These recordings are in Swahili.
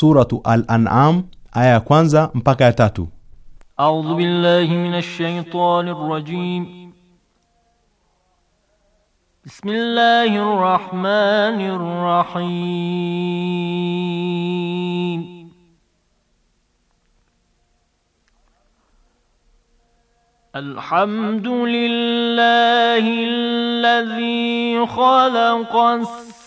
suratu Al-An'am aya ya kwanza mpaka ya tatu. A'udhu billahi minash shaitani rajim. Bismillahir rahmanir rahim. الحمد لله الذي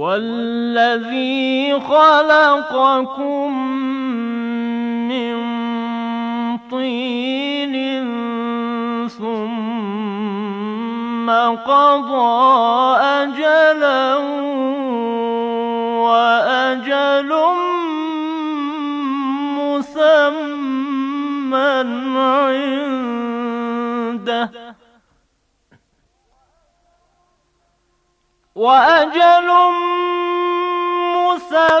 والذي خلقكم من طين ثم قضى أجلا وأجل مسمى عنده وأجل مسمى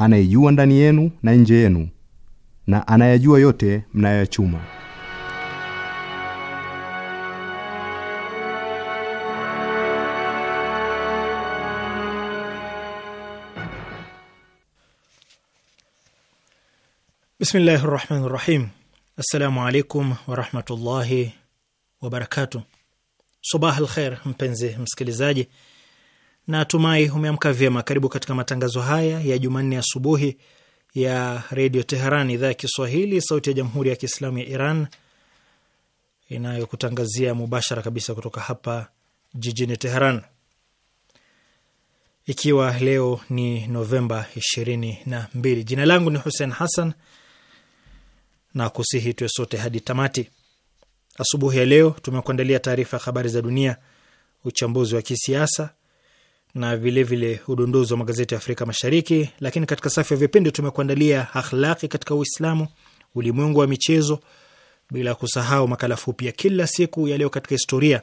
anayejua ndani yenu na nje yenu na anayajua yote mnayoyachuma. Bismillahi rahmani rahim. Assalamu alaikum warahmatullahi wabarakatuh. Subah al mpenzi msikilizaji na tumai umeamka vyema. Karibu katika matangazo haya ya Jumanne asubuhi ya Redio Teheran, idhaa ya Kiswahili, sauti ya Jamhuri ya Kiislamu ya Iran, inayokutangazia mubashara kabisa kutoka hapa jijini Teheran, ikiwa leo ni Novemba ishirini na mbili. Jina langu ni Hussein Hassan na kusihi tuwe sote hadi tamati. Asubuhi ya leo tumekuandalia taarifa ya habari za dunia, uchambuzi wa kisiasa na vilevile udondozi wa magazeti ya Afrika Mashariki, lakini katika safu ya vipindi tumekuandalia akhlaki katika Uislamu, ulimwengu wa michezo, bila kusahau makala fupi ya kila siku ya leo katika historia,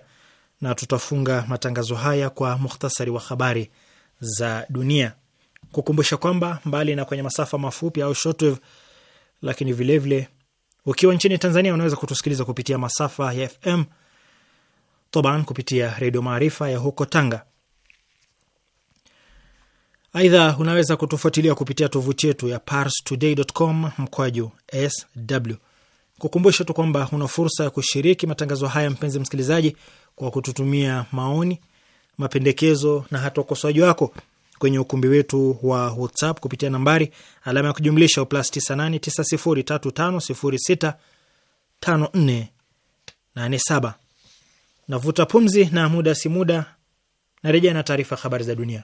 na tutafunga matangazo haya kwa muhtasari wa habari za dunia, kukumbusha kwamba mbali na kwenye masafa mafupi au shortwave, lakini vilevile vile, ukiwa nchini Tanzania unaweza kutusikiliza kupitia masafa ya FM Toban, kupitia Redio Maarifa ya huko Tanga Aidha, unaweza kutufuatilia kupitia tovuti yetu ya parstoday.com mkwaju sw. Kukumbusha tu kwamba una fursa ya kushiriki matangazo haya, mpenzi msikilizaji, kwa kututumia maoni, mapendekezo na hata ukosoaji wako kwenye ukumbi wetu wa WhatsApp kupitia nambari alama ya kujumlisha plus 989035065487. Navuta pumzi na muda si muda narejea na taarifa habari za dunia.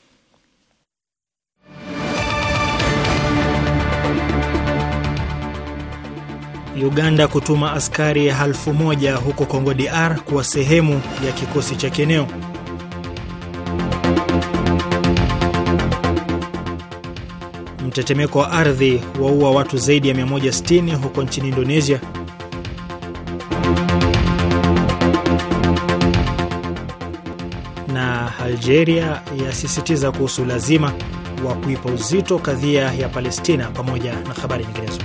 Uganda kutuma askari elfu moja huko Kongo DR kuwa sehemu ya kikosi cha kieneo. Mtetemeko wa ardhi waua watu zaidi ya 160 huko nchini Indonesia. Na Algeria yasisitiza kuhusu lazima wa kuipa uzito kadhia ya Palestina pamoja na habari nyinginezo.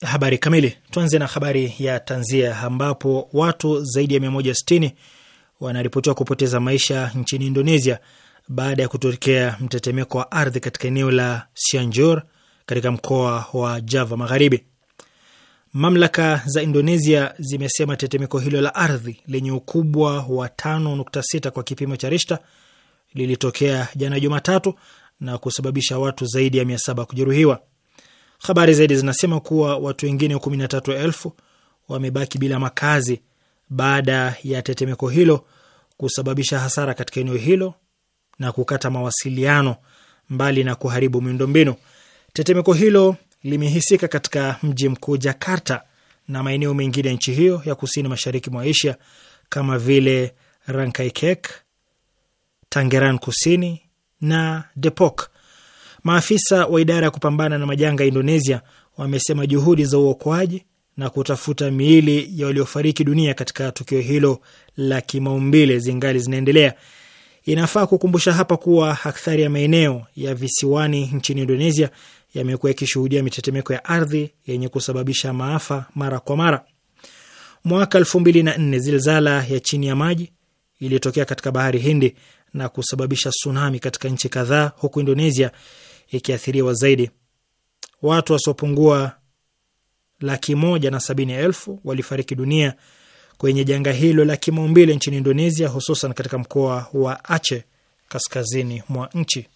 habari kamili. Tuanze na habari ya tanzia, ambapo watu zaidi ya 160 wanaripotiwa kupoteza maisha nchini Indonesia baada ya kutokea mtetemeko wa ardhi katika eneo la Cianjur katika mkoa wa Java Magharibi. Mamlaka za Indonesia zimesema tetemeko hilo la ardhi lenye ukubwa wa 5.6 kwa kipimo cha Rishta lilitokea jana Jumatatu na kusababisha watu zaidi ya 700 kujeruhiwa. Habari zaidi zinasema kuwa watu wengine kumi na tatu elfu wamebaki bila makazi baada ya tetemeko hilo kusababisha hasara katika eneo hilo na kukata mawasiliano mbali na kuharibu miundombinu. Tetemeko hilo limehisika katika mji mkuu Jakarta na maeneo mengine ya nchi hiyo ya kusini mashariki mwa Asia kama vile Rankaikek, Tangeran kusini na Depok. Maafisa wa idara ya kupambana na majanga ya Indonesia wamesema juhudi za uokoaji na kutafuta miili ya waliofariki dunia katika tukio hilo la kimaumbile zingali zinaendelea. Inafaa kukumbusha hapa kuwa akthari ya maeneo ya visiwani nchini Indonesia yamekuwa yakishuhudia mitetemeko ya ardhi yenye kusababisha maafa mara kwa mara. Mwaka elfu mbili na nne zilzala ya chini ya maji iliyotokea katika bahari Hindi na kusababisha tsunami katika nchi kadhaa, huku Indonesia ikiathiriwa zaidi. Watu wasiopungua laki moja na sabini elfu walifariki dunia kwenye janga hilo la kimaumbile nchini Indonesia, hususan katika mkoa wa Aceh kaskazini mwa nchi.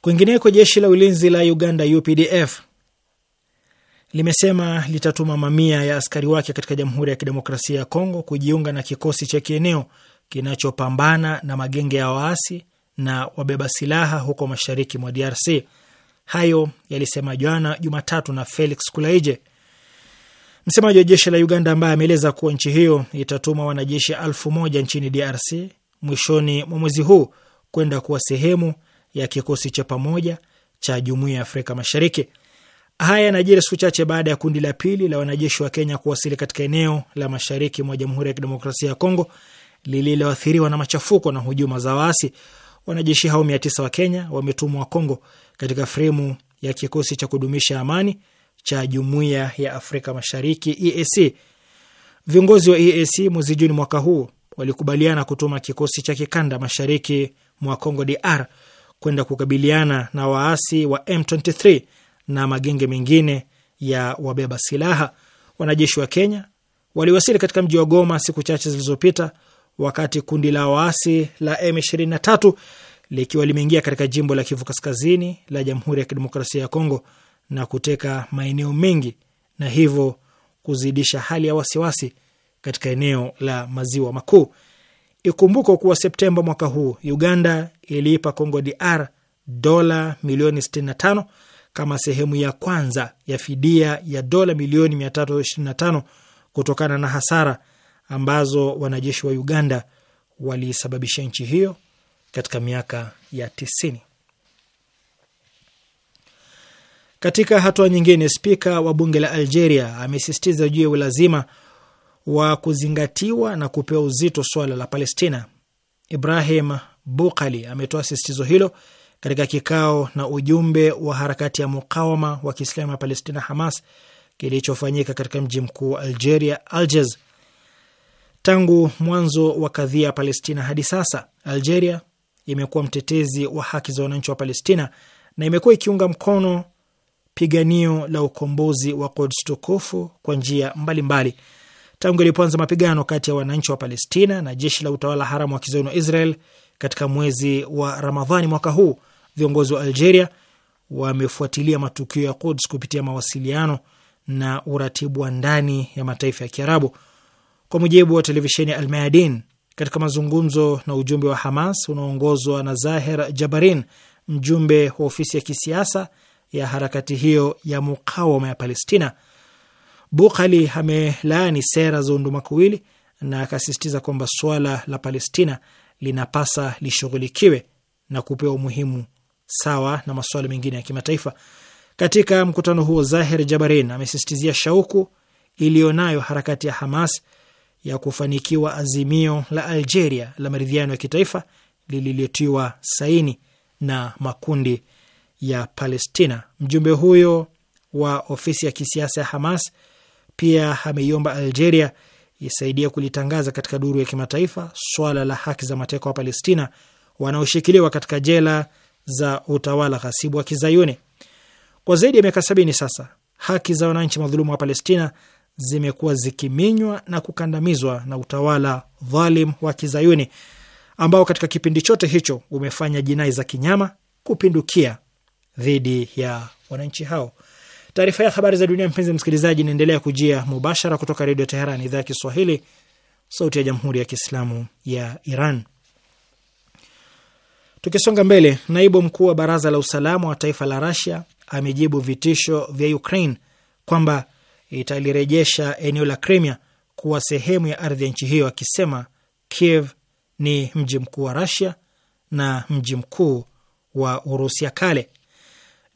Kwingineko, jeshi la ulinzi la Uganda UPDF limesema litatuma mamia ya askari wake katika Jamhuri ya Kidemokrasia ya Kongo kujiunga na kikosi cha kieneo kinachopambana na magenge ya waasi na wabeba silaha huko mashariki mwa DRC. Hayo yalisema jana Jumatatu na Felix Kulaije, msemaji wa jeshi la Uganda, ambaye ameeleza kuwa nchi hiyo itatuma wanajeshi elfu moja nchini DRC mwishoni mwa mwezi huu kwenda kuwa sehemu ya kikosi cha pamoja cha jumuiya ya Afrika Mashariki. Haya yanajiri siku chache baada ya kundi la pili la wanajeshi wa Kenya kuwasili katika eneo la mashariki mwa Jamhuri ya Kidemokrasia ya Kongo lililoathiriwa na machafuko na hujuma za waasi Wanajeshi hao mia tisa wa Kenya wametumwa Kongo katika fremu ya kikosi cha kudumisha amani cha Jumuiya ya Afrika Mashariki EAC. Viongozi wa EAC mwezi Juni mwaka huu walikubaliana kutuma kikosi cha kikanda mashariki mwa congo DR kwenda kukabiliana na waasi wa M23 na magenge mengine ya wabeba silaha. Wanajeshi wa Kenya waliwasili katika mji wa Goma siku chache zilizopita wakati kundi la waasi la M23 likiwa limeingia katika jimbo la Kivu Kaskazini la Jamhuri ya Kidemokrasia ya Kongo na kuteka maeneo mengi na hivyo kuzidisha hali ya wasiwasi katika eneo la maziwa makuu. Ikumbuko kuwa Septemba mwaka huu Uganda iliipa Congo DR dola milioni 65 kama sehemu ya kwanza ya fidia ya dola milioni 325 kutokana na hasara ambazo wanajeshi wa Uganda waliisababisha nchi hiyo katika miaka ya tisini. Katika hatua nyingine, spika wa bunge la Algeria amesisitiza juu ya ulazima wa kuzingatiwa na kupewa uzito swala la Palestina. Ibrahim Bukali ametoa sisitizo hilo katika kikao na ujumbe wa harakati ya mukawama wa Kiislamu ya Palestina, Hamas, kilichofanyika katika mji mkuu wa Algeria, Algiers, Tangu mwanzo wa kadhia ya Palestina hadi sasa, Algeria imekuwa mtetezi wa haki za wananchi wa Palestina na imekuwa ikiunga mkono piganio la ukombozi wa Quds tukufu kwa njia mbalimbali. Tangu ilipoanza mapigano kati ya wananchi wa Palestina na jeshi la utawala haramu wa kizayuni wa Israel katika mwezi wa Ramadhani mwaka huu, viongozi wa Algeria wamefuatilia matukio ya Quds kupitia mawasiliano na uratibu wa ndani ya mataifa ya Kiarabu. Kwa mujibu wa televisheni ya Almayadin, katika mazungumzo na ujumbe wa Hamas unaoongozwa na Zaher Jabarin, mjumbe wa ofisi ya kisiasa ya harakati hiyo ya mukawama ya Palestina, Bukhali amelaani sera za undumakuwili na akasisitiza kwamba swala la Palestina linapasa lishughulikiwe na kupewa umuhimu sawa na masuala mengine ya kimataifa. Katika mkutano huo, Zahir Jabarin amesisitizia shauku iliyonayo harakati ya Hamas ya kufanikiwa azimio la Algeria la maridhiano ya kitaifa lililotiwa saini na makundi ya Palestina. Mjumbe huyo wa ofisi ya kisiasa ya Hamas pia ameiomba Algeria isaidia kulitangaza katika duru ya kimataifa swala la haki za mateka wa Palestina wanaoshikiliwa katika jela za utawala ghasibu wa Kizayuni. Kwa zaidi ya miaka sabini sasa, haki za wananchi madhulumu wa Palestina zimekuwa zikiminywa na kukandamizwa na utawala dhalim wa kizayuni ambao katika kipindi chote hicho umefanya jinai za kinyama kupindukia dhidi ya wananchi hao. Taarifa ya habari za dunia, mpenzi msikilizaji, inaendelea kujia mubashara kutoka Redio Teheran, idhaa ya Kiswahili, sauti ya Jamhuri ya Kiislamu ya Iran. Tukisonga mbele, naibu mkuu wa baraza la usalama wa taifa la Rasia amejibu vitisho vya Ukraine kwamba italirejesha eneo la Crimea kuwa sehemu ya ardhi ya nchi hiyo, akisema Kiev ni mji mkuu wa Russia na mji mkuu wa Urusi ya kale.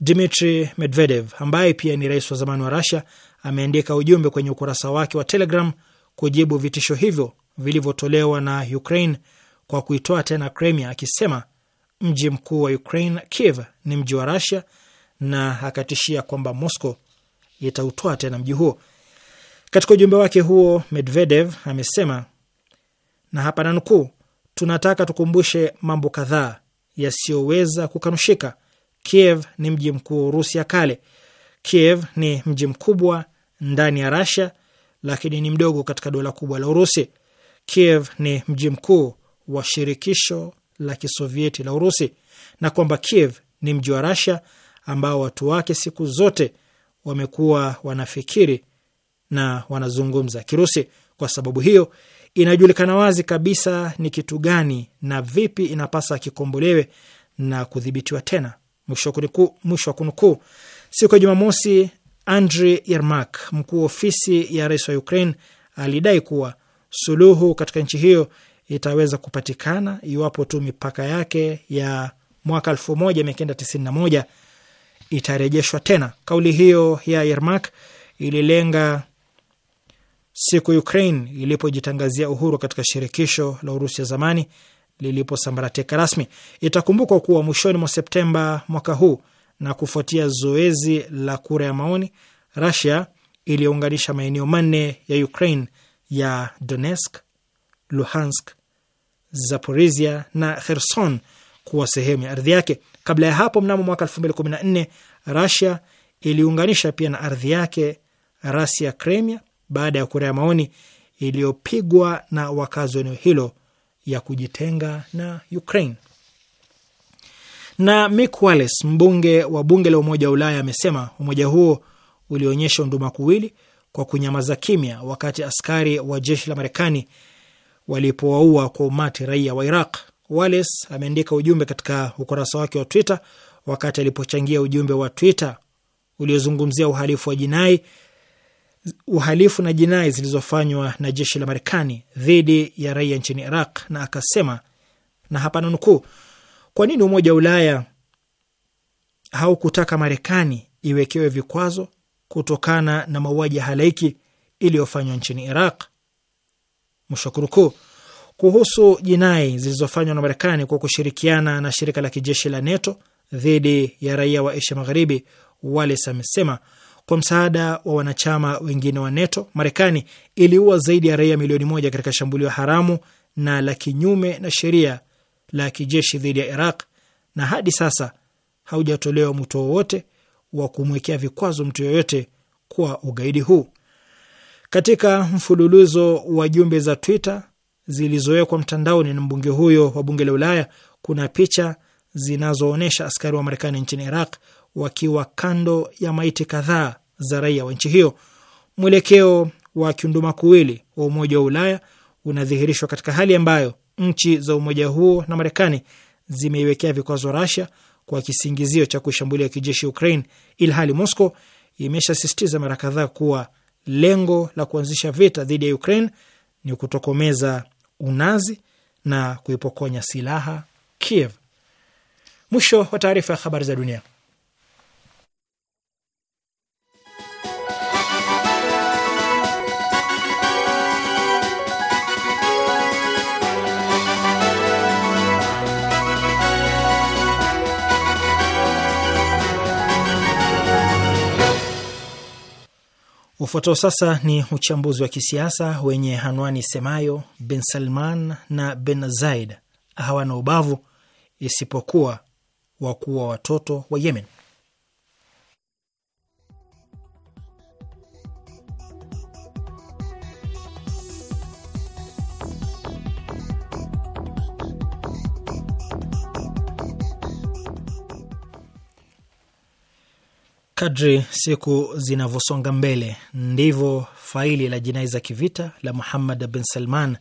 Dmitri Medvedev ambaye pia ni rais wa zamani wa Russia ameandika ujumbe kwenye ukurasa wake wa Telegram kujibu vitisho hivyo vilivyotolewa na Ukraine kwa kuitoa tena Crimea, akisema mji mkuu wa Ukraine Kiev ni mji wa Russia na akatishia kwamba Moscow itautwaa tena mji huo. Katika ujumbe wake huo, Medvedev amesema na hapa nanukuu, tunataka tukumbushe mambo kadhaa yasiyoweza kukanushika. Kiev ni mji mkuu wa Urusi ya kale. Kiev ni mji mkubwa ndani ya Rasia, lakini ni mdogo katika dola kubwa la Urusi. Kiev ni mji mkuu wa shirikisho la kisovieti la Urusi, na kwamba Kiev ni mji wa Rasia ambao watu wake siku zote wamekuwa wanafikiri na wanazungumza Kirusi. Kwa sababu hiyo, inajulikana wazi kabisa ni kitu gani na vipi inapasa kikombolewe na kudhibitiwa tena. Mwisho wa kunukuu. Siku ya Jumamosi, Andri Yermak, mkuu wa ofisi ya rais wa Ukraine, alidai kuwa suluhu katika nchi hiyo itaweza kupatikana iwapo tu mipaka yake ya mwaka 1991 itarejeshwa tena. Kauli hiyo ya Yermak ililenga siku Ukraine ilipojitangazia uhuru katika shirikisho la Urusi ya zamani liliposambaratika rasmi. Itakumbukwa kuwa mwishoni mwa Septemba mwaka huu na kufuatia zoezi la kura ya maoni, Russia iliyounganisha maeneo manne ya Ukraine ya Donetsk, Luhansk, Zaporizhia na Kherson kuwa sehemu ya ardhi yake. Kabla ya hapo, mnamo mwaka 2014 Russia iliunganisha pia na ardhi yake rasi ya Crimea baada ya kura ya maoni iliyopigwa na wakazi wa eneo hilo ya kujitenga na Ukraine. Na Mick Wallace, mbunge wa bunge la Umoja wa Ulaya, amesema umoja huo ulionyesha unduma kuwili kwa kunyamaza kimya wakati askari wa jeshi la Marekani walipowaua kwa umati raia wa Iraq wales ameandika ujumbe katika ukurasa wake wa Twitter wakati alipochangia ujumbe wa Twitter uliozungumzia uhalifu wa jinai uhalifu na jinai zilizofanywa na jeshi la Marekani dhidi ya raia nchini Iraq, na akasema, na hapa nanukuu, kwa nini Umoja wa Ulaya haukutaka Marekani iwekewe vikwazo kutokana na mauaji ya halaiki iliyofanywa nchini Iraq? mshukuru kuu kuhusu jinai zilizofanywa na Marekani kwa kushirikiana na shirika la kijeshi la NATO dhidi ya raia wa Asia Magharibi, Wales amesema kwa msaada wa wanachama wengine wa NATO, Marekani iliua zaidi ya raia milioni moja katika shambulio haramu na la kinyume na sheria la kijeshi dhidi ya Iraq, na hadi sasa haujatolewa mwito wowote wa kumwekea vikwazo mtu yoyote kwa ugaidi huu. Katika mfululizo wa jumbe za Twitter zilizowekwa mtandaoni na mbunge huyo wa bunge la Ulaya kuna picha zinazoonyesha askari wa Marekani nchini Iraq wakiwa kando ya maiti kadhaa za raia wa nchi hiyo. Mwelekeo wa kiundumakuwili wa Umoja wa Ulaya unadhihirishwa katika hali ambayo nchi za umoja huo na Marekani zimeiwekea vikwazo Rasia kwa kisingizio cha kushambulia kijeshi Ukraine, ilhali Mosco imeshasisitiza mara kadhaa kuwa lengo la kuanzisha vita dhidi ya Ukraine ni kutokomeza unazi na kuipokonya silaha Kiev. Mwisho wa taarifa ya habari za dunia. Ufuatao sasa ni uchambuzi wa kisiasa wenye anwani semayo Bin Salman na Bin Zaid hawana ubavu isipokuwa wakuwa watoto wa Yemen. Kadri siku zinavyosonga mbele ndivyo faili la jinai za kivita la Muhammad bin Salman,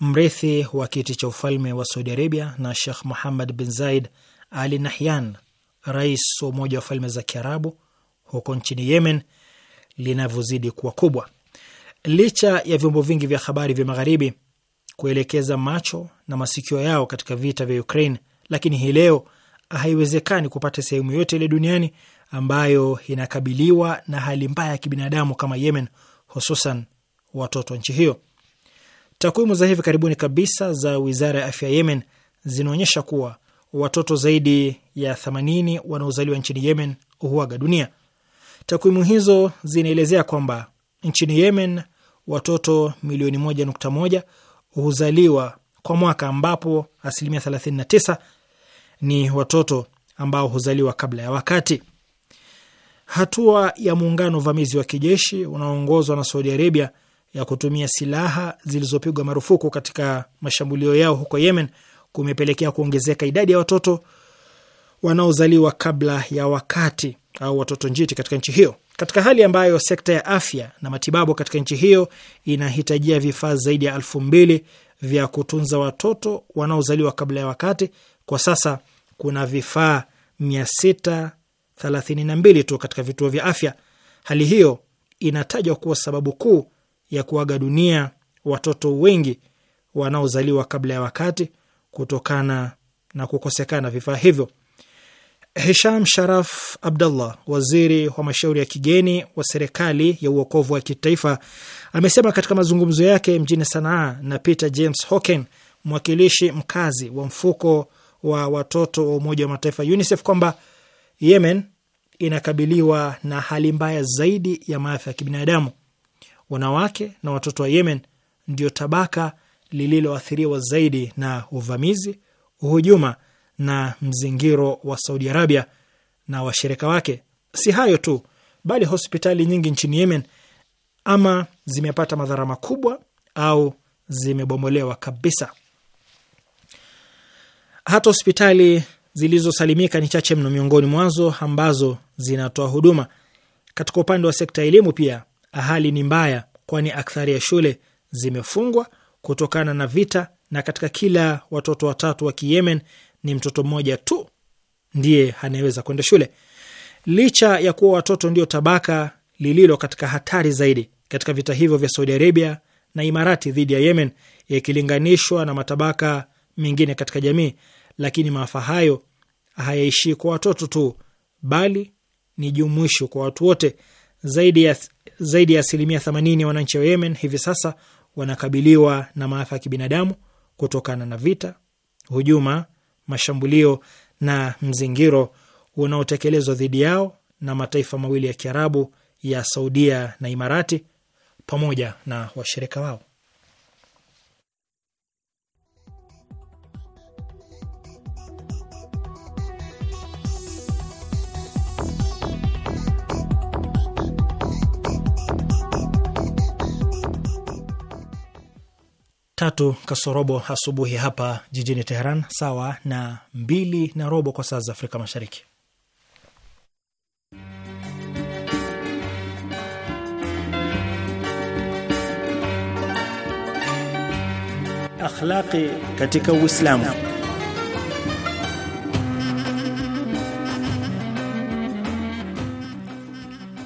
mrithi wa kiti cha ufalme wa Saudi Arabia, na Shekh Muhammad bin Zaid Ali Nahyan, rais wa Umoja wa Falme za Kiarabu huko nchini Yemen, linavyozidi kuwa kubwa, licha ya vyombo vingi vya habari vya Magharibi kuelekeza macho na masikio yao katika vita vya Ukraine, lakini hii leo haiwezekani kupata sehemu yote ile duniani ambayo inakabiliwa na hali mbaya ya kibinadamu kama Yemen, hususan watoto wa nchi hiyo. Takwimu za hivi karibuni kabisa za wizara ya afya ya Yemen zinaonyesha kuwa watoto zaidi ya 80 wanaozaliwa nchini Yemen huaga dunia. Takwimu hizo zinaelezea kwamba nchini Yemen watoto milioni 1.1 huzaliwa kwa mwaka, ambapo asilimia 39 ni watoto ambao huzaliwa kabla ya wakati. Hatua ya muungano uvamizi wa kijeshi unaoongozwa na Saudi Arabia ya kutumia silaha zilizopigwa marufuku katika mashambulio yao huko Yemen kumepelekea kuongezeka idadi ya watoto wanaozaliwa kabla ya wakati au watoto njiti katika nchi hiyo, katika hali ambayo sekta ya afya na matibabu katika nchi hiyo inahitajia vifaa zaidi ya elfu mbili vya kutunza watoto wanaozaliwa kabla ya wakati. Kwa sasa kuna vifaa mia sita 32 tu katika vituo vya afya. Hali hiyo inatajwa kuwa sababu kuu ya kuaga dunia watoto wengi wanaozaliwa kabla ya wakati kutokana na kukosekana vifaa hivyo. Hisham Sharaf Abdullah, waziri wa mashauri ya kigeni wa serikali ya uokovu wa kitaifa, amesema katika mazungumzo yake mjini Sanaa na Peter James Hocken, mwakilishi mkazi wa mfuko wa watoto wa Umoja wa Mataifa UNICEF, kwamba Yemen inakabiliwa na hali mbaya zaidi ya maafa ya kibinadamu. Wanawake na watoto wa Yemen ndio tabaka lililoathiriwa zaidi na uvamizi, uhujuma na mzingiro wa Saudi Arabia na washirika wake. Si hayo tu, bali hospitali nyingi nchini Yemen ama zimepata madhara makubwa au zimebomolewa kabisa. Hata hospitali zilizosalimika ni chache mno miongoni mwazo ambazo zinatoa huduma. Katika upande wa sekta ya elimu pia hali ni mbaya, kwani akthari ya shule zimefungwa kutokana na vita, na katika kila watoto watatu wa Kiyemen ni mtoto mmoja tu ndiye anayeweza kwenda shule. Licha ya kuwa watoto ndio tabaka lililo katika hatari zaidi katika vita hivyo vya Saudi Arabia na Imarati dhidi ya Yemen, yakilinganishwa na matabaka mengine katika jamii, lakini maafa hayo hayaishii kwa watoto tu, bali ni jumuisho kwa watu wote. Zaidi ya zaidi ya asilimia 80 ya wananchi wa Yemen hivi sasa wanakabiliwa na maafa ya kibinadamu kutokana na vita, hujuma, mashambulio na mzingiro unaotekelezwa dhidi yao na mataifa mawili ya Kiarabu ya Saudia na Imarati pamoja na washirika wao. tatu kasorobo asubuhi hapa jijini Teheran, sawa na mbili na robo kwa saa za Afrika Mashariki. Akhlaqi katika Uislamu.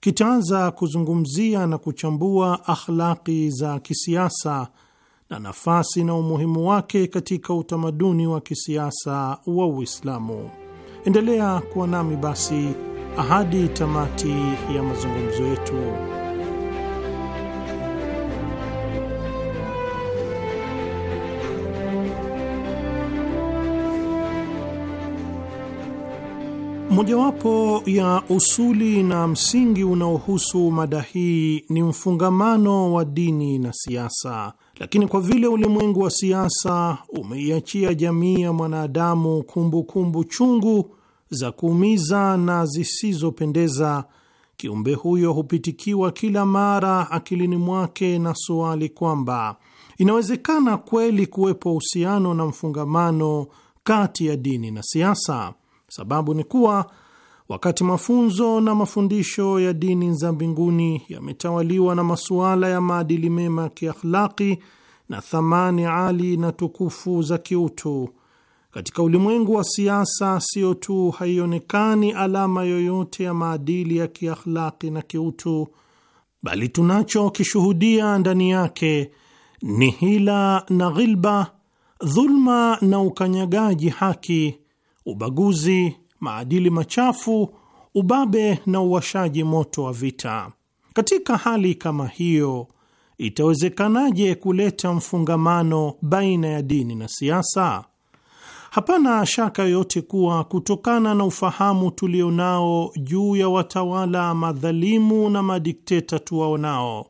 kitaanza kuzungumzia na kuchambua akhlaki za kisiasa na nafasi na umuhimu wake katika utamaduni wa kisiasa wa Uislamu. Endelea kuwa nami basi ahadi tamati ya mazungumzo yetu. Mojawapo ya usuli na msingi unaohusu mada hii ni mfungamano wa dini na siasa, lakini kwa vile ulimwengu wa siasa umeiachia jamii ya mwanadamu kumbukumbu chungu za kuumiza na zisizopendeza, kiumbe huyo hupitikiwa kila mara akilini mwake na suali kwamba inawezekana kweli kuwepo uhusiano na mfungamano kati ya dini na siasa. Sababu ni kuwa wakati mafunzo na mafundisho ya dini za mbinguni yametawaliwa na masuala ya maadili mema ya kiakhlaki na thamani ali na tukufu za kiutu, katika ulimwengu wa siasa siyo tu haionekani alama yoyote ya maadili ya kiakhlaki na kiutu, bali tunachokishuhudia ndani yake ni hila na ghilba, dhulma na ukanyagaji haki ubaguzi, maadili machafu, ubabe na uwashaji moto wa vita. Katika hali kama hiyo, itawezekanaje kuleta mfungamano baina ya dini na siasa? Hapana shaka yoyote kuwa kutokana na ufahamu tulio nao juu ya watawala madhalimu na madikteta tuwaonao,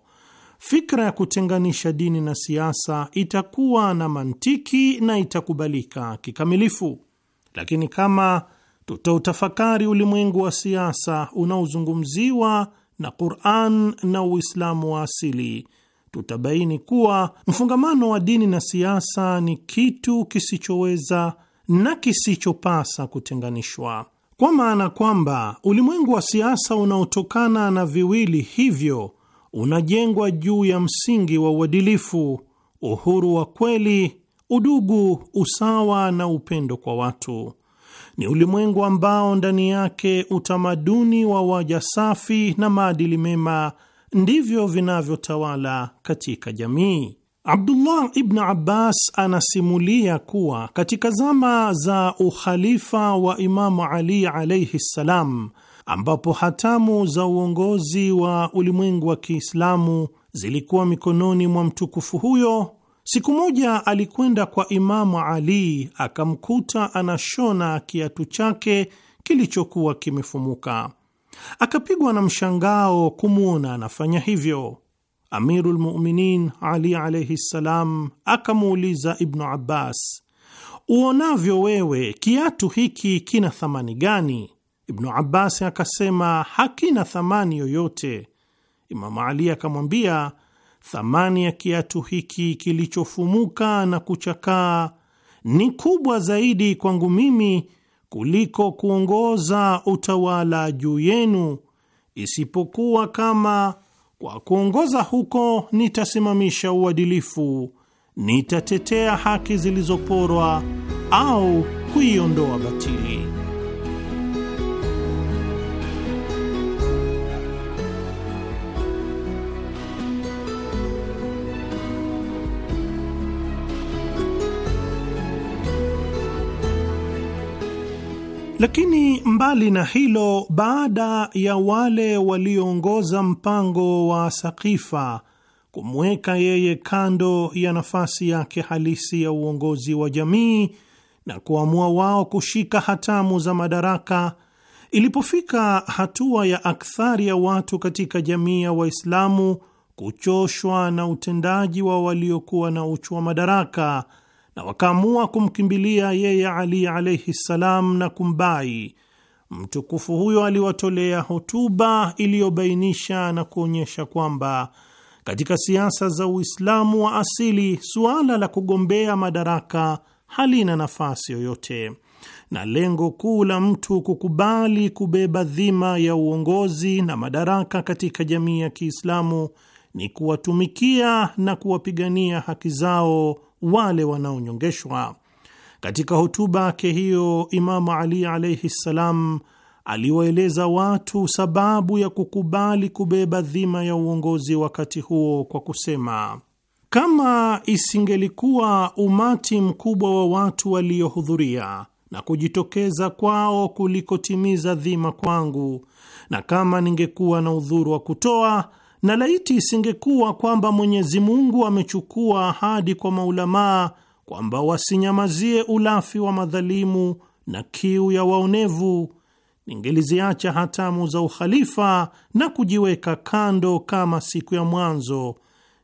fikra ya kutenganisha dini na siasa itakuwa na mantiki na itakubalika kikamilifu. Lakini kama tutautafakari ulimwengu wa siasa unaozungumziwa na Qur'an na Uislamu wa asili, tutabaini kuwa mfungamano wa dini na siasa ni kitu kisichoweza na kisichopasa kutenganishwa, kwa maana kwamba ulimwengu wa siasa unaotokana na viwili hivyo unajengwa juu ya msingi wa uadilifu, uhuru wa kweli Udugu, usawa na upendo kwa watu ni ulimwengu ambao ndani yake utamaduni wa waja safi na maadili mema ndivyo vinavyotawala katika jamii. Abdullah ibn Abbas anasimulia kuwa katika zama za ukhalifa wa Imamu Ali alaihi ssalam, ambapo hatamu za uongozi wa ulimwengu wa Kiislamu zilikuwa mikononi mwa mtukufu huyo Siku moja alikwenda kwa Imamu Ali akamkuta anashona kiatu chake kilichokuwa kimefumuka. Akapigwa na mshangao kumwona anafanya hivyo. Amirul Muminin Ali alaihi ssalam akamuuliza Ibnu Abbas, uonavyo wewe kiatu hiki kina thamani gani? Ibnu Abbas akasema hakina thamani yoyote. Imamu Ali akamwambia thamani ya kiatu hiki kilichofumuka na kuchakaa ni kubwa zaidi kwangu mimi kuliko kuongoza utawala juu yenu, isipokuwa kama kwa kuongoza huko nitasimamisha uadilifu, nitatetea haki zilizoporwa au kuiondoa batili. Lakini mbali na hilo, baada ya wale walioongoza mpango wa Sakifa kumweka yeye kando ya nafasi yake halisi ya uongozi wa jamii na kuamua wao kushika hatamu za madaraka, ilipofika hatua ya akthari ya watu katika jamii ya Waislamu kuchoshwa na utendaji wa waliokuwa na uchu wa madaraka na wakaamua kumkimbilia yeye Ali alaihi ssalam na kumbai. Mtukufu huyo aliwatolea hotuba iliyobainisha na kuonyesha kwamba katika siasa za Uislamu wa asili suala la kugombea madaraka halina nafasi yoyote, na lengo kuu la mtu kukubali kubeba dhima ya uongozi na madaraka katika jamii ya Kiislamu ni kuwatumikia na kuwapigania haki zao wale wanaonyongeshwa. Katika hotuba yake hiyo, Imamu Ali alaihi ssalam aliwaeleza watu sababu ya kukubali kubeba dhima ya uongozi wakati huo kwa kusema, kama isingelikuwa umati mkubwa wa watu waliohudhuria na kujitokeza kwao kulikotimiza dhima kwangu, na kama ningekuwa na udhuru wa kutoa na laiti isingekuwa kwamba Mwenyezi Mungu amechukua ahadi kwa maulamaa kwamba wasinyamazie ulafi wa madhalimu na kiu ya waonevu, ningeliziacha hatamu za ukhalifa na kujiweka kando kama siku ya mwanzo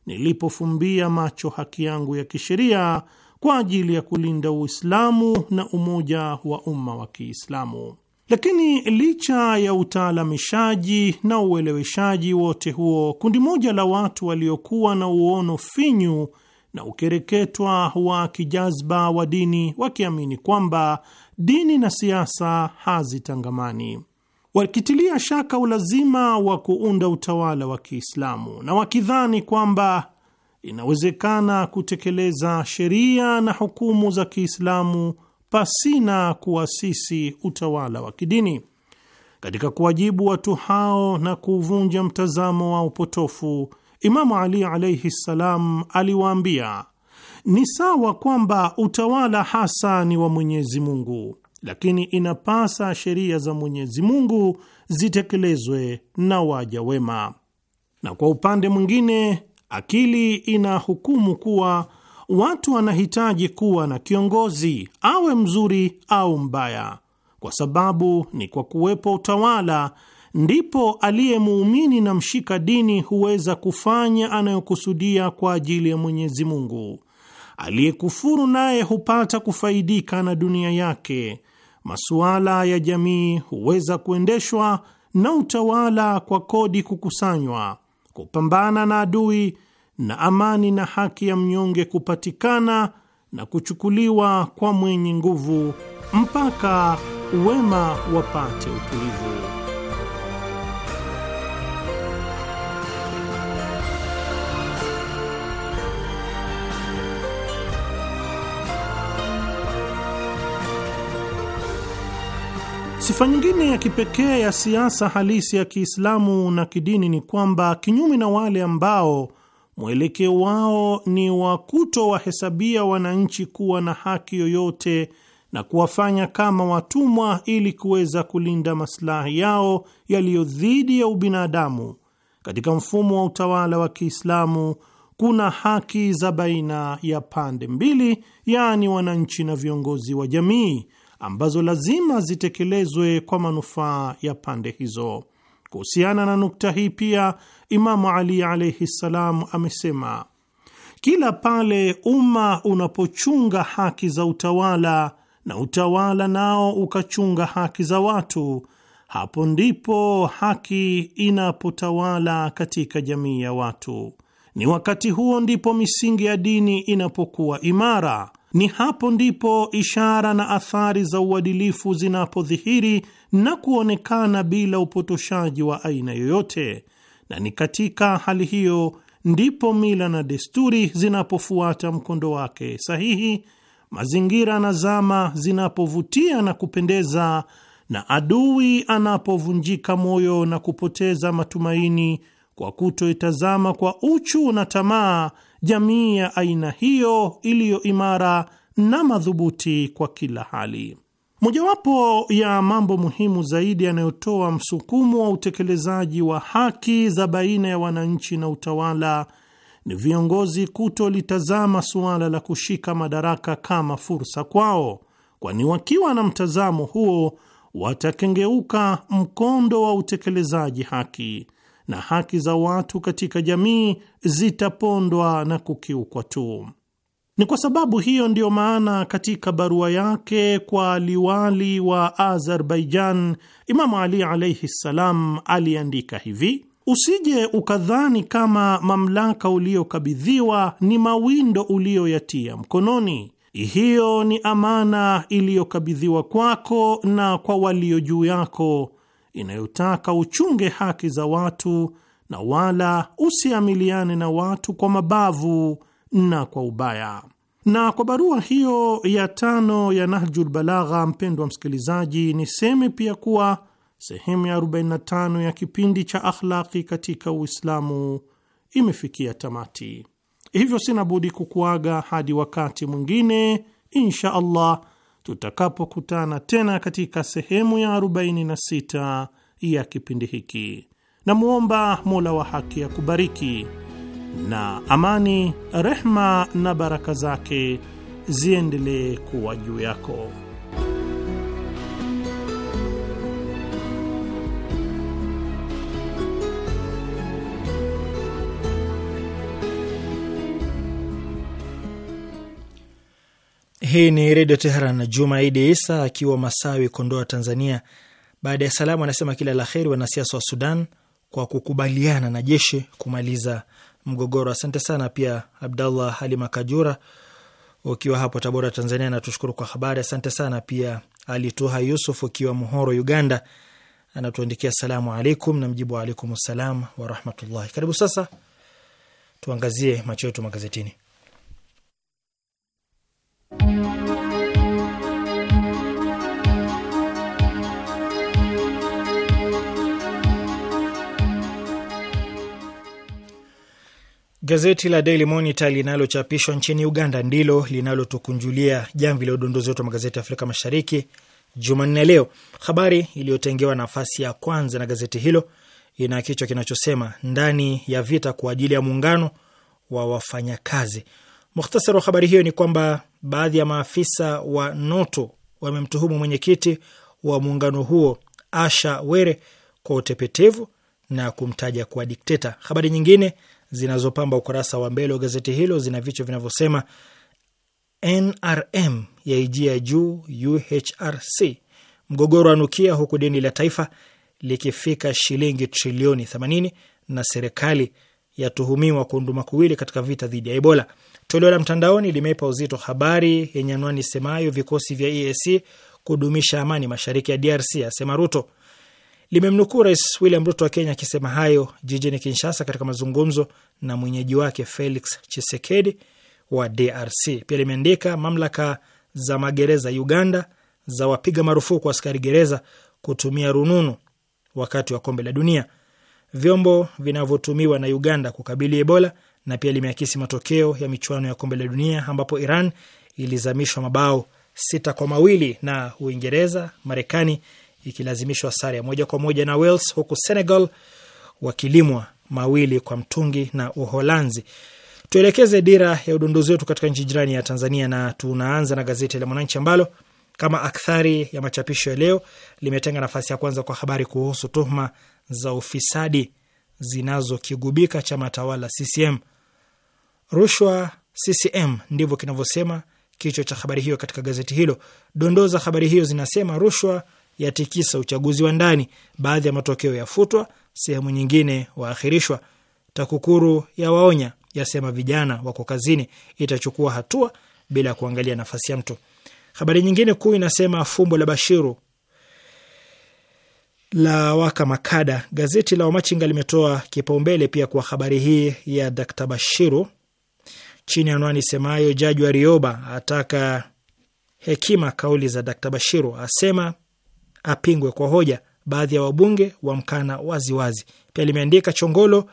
nilipofumbia macho haki yangu ya kisheria kwa ajili ya kulinda Uislamu na umoja wa umma wa Kiislamu. Lakini licha ya utaalamishaji na ueleweshaji wote huo, kundi moja la watu waliokuwa na uono finyu na ukereketwa wa kijazba wa dini, wakiamini kwamba dini na siasa hazitangamani, wakitilia shaka ulazima wa kuunda utawala wa Kiislamu na wakidhani kwamba inawezekana kutekeleza sheria na hukumu za Kiislamu pasina kuasisi utawala wa kidini. Katika kuwajibu watu hao na kuvunja mtazamo wa upotofu, Imamu Ali alaihi ssalam aliwaambia, ni sawa kwamba utawala hasa ni wa Mwenyezi Mungu, lakini inapasa sheria za Mwenyezi Mungu zitekelezwe na waja wema. Na kwa upande mwingine, akili inahukumu kuwa watu wanahitaji kuwa na kiongozi, awe mzuri au mbaya, kwa sababu ni kwa kuwepo utawala ndipo aliye muumini na mshika dini huweza kufanya anayokusudia kwa ajili ya Mwenyezi Mungu. Aliyekufuru naye hupata kufaidika na dunia yake. Masuala ya jamii huweza kuendeshwa na utawala kwa kodi kukusanywa, kupambana na adui na amani na haki ya mnyonge kupatikana na kuchukuliwa kwa mwenye nguvu mpaka wema wapate utulivu. Sifa nyingine ya kipekee ya siasa halisi ya Kiislamu na kidini ni kwamba kinyume na wale ambao mwelekeo wao ni wa kutowahesabia wananchi kuwa na haki yoyote na kuwafanya kama watumwa ili kuweza kulinda maslahi yao yaliyo dhidi ya ubinadamu. Katika mfumo wa utawala wa Kiislamu kuna haki za baina ya pande mbili, yaani wananchi na viongozi wa jamii, ambazo lazima zitekelezwe kwa manufaa ya pande hizo. Kuhusiana na nukta hii pia, Imamu Ali alaihi ssalam amesema kila pale umma unapochunga haki za utawala na utawala nao ukachunga haki za watu, hapo ndipo haki inapotawala katika jamii ya watu. Ni wakati huo ndipo misingi ya dini inapokuwa imara ni hapo ndipo ishara na athari za uadilifu zinapodhihiri na kuonekana bila upotoshaji wa aina yoyote, na ni katika hali hiyo ndipo mila na desturi zinapofuata mkondo wake sahihi, mazingira na zama zinapovutia na kupendeza, na adui anapovunjika moyo na kupoteza matumaini kwa kutoitazama kwa uchu na tamaa jamii ya aina hiyo iliyo imara na madhubuti kwa kila hali. Mojawapo ya mambo muhimu zaidi yanayotoa msukumo wa utekelezaji wa haki za baina ya wananchi na utawala ni viongozi kutolitazama suala la kushika madaraka kama fursa kwao, kwani wakiwa na mtazamo huo watakengeuka mkondo wa utekelezaji haki na haki za watu katika jamii zitapondwa na kukiukwa tu. Ni kwa sababu hiyo ndiyo maana katika barua yake kwa liwali wa Azerbaijan, Imamu Ali alaihi ssalam aliandika hivi: usije ukadhani kama mamlaka uliyokabidhiwa ni mawindo uliyoyatia mkononi. Hiyo ni amana iliyokabidhiwa kwako na kwa walio juu yako inayotaka uchunge haki za watu na wala usiamiliane na watu kwa mabavu na kwa ubaya. Na kwa barua hiyo ya tano ya Nahjul Balagha, mpendwa msikilizaji, niseme pia kuwa sehemu ya 45 ya kipindi cha akhlaqi katika Uislamu imefikia tamati. Hivyo sina budi kukuaga hadi wakati mwingine insha Allah tutakapokutana tena katika sehemu ya 46 ya kipindi hiki. Namwomba Mola wa haki akubariki, na amani, rehma na baraka zake ziendelee kuwa juu yako. Hii ni Redio Teheran. Juma Idi Isa akiwa Masawi, Kondoa, Tanzania. Baada ya salamu, anasema kila la heri wanasiasa wa Sudan kwa kukubaliana na jeshi kumaliza mgogoro. Asante sana. Pia Abdallah Ali Makajura ukiwa hapo Tabora, Tanzania, natushukuru kwa habari. Asante sana. Pia Ali Tuha Yusuf ukiwa Muhoro, Uganda, anatuandikia salamu alaikum, na mjibu wa alaikum salam warahmatullahi. Karibu sasa tuangazie macho yetu magazetini. Gazeti la Daily Monitor linalochapishwa nchini Uganda ndilo linalotukunjulia jamvi la udondozi wetu wa magazeti ya Afrika Mashariki Jumanne leo. Habari iliyotengewa nafasi ya kwanza na gazeti hilo ina kichwa kinachosema ndani ya vita kwa ajili ya muungano wa wafanyakazi. Mukhtasari wa habari hiyo ni kwamba baadhi ya maafisa wa Noto wamemtuhumu mwenyekiti wa muungano huo Asha Were kwa utepetevu na kumtaja kuwa dikteta. Habari nyingine zinazopamba ukurasa wa mbele wa gazeti hilo zina vichwa vinavyosema NRM yaijia juu UHRC, mgogoro wa nukia huku deni la taifa likifika shilingi trilioni 80, na serikali yatuhumiwa kuunduma kuwili katika vita dhidi ya Ebola. Toleo la mtandaoni limeipa uzito habari yenye anwani semayo vikosi vya EAC kudumisha amani mashariki ya DRC, asema Ruto limemnukuu Rais William Ruto wa Kenya akisema hayo jijini Kinshasa katika mazungumzo na mwenyeji wake Felix Chisekedi wa DRC. Pia limeandika mamlaka za magereza Uganda za wapiga marufuku askari gereza kutumia rununu wakati wa kombe la dunia, vyombo vinavyotumiwa na Uganda kukabili Ebola, na pia limeakisi matokeo ya michuano ya kombe la dunia ambapo Iran ilizamishwa mabao sita kwa mawili na Uingereza, Marekani ikilazimishwa sare ya moja kwa moja na Wales, huku Senegal wakilimwa mawili kwa mtungi na Uholanzi. Tuelekeze dira ya udunduzi wetu katika nchi jirani ya Tanzania na tunaanza na gazeti la Mwananchi ambalo kama akthari ya machapisho ya leo limetenga nafasi ya kwanza kwa habari kuhusu tuhuma za ufisadi zinazokigubika chama tawala CCM. Rushwa CCM, ndivyo kinavyosema kichwa cha habari hiyo katika gazeti hilo. Dondoo za habari hiyo zinasema: rushwa yatikisa uchaguzi wa ndani, baadhi ya matokeo yafutwa, sehemu nyingine waakhirishwa. TAKUKURU ya waonya, yasema vijana wako kazini, itachukua hatua bila ya kuangalia nafasi ya mtu. Habari nyingine kuu inasema fumbo la Bashiru la waka makada. Gazeti la Wamachinga limetoa kipaumbele pia kwa habari hii ya d Bashiru chini ya anwani semayo, jaji wa Rioba ataka hekima kauli za Dr. Bashiru, asema apingwe kwa hoja. Baadhi ya wabunge wamkana waziwazi. Pia limeandika Chongolo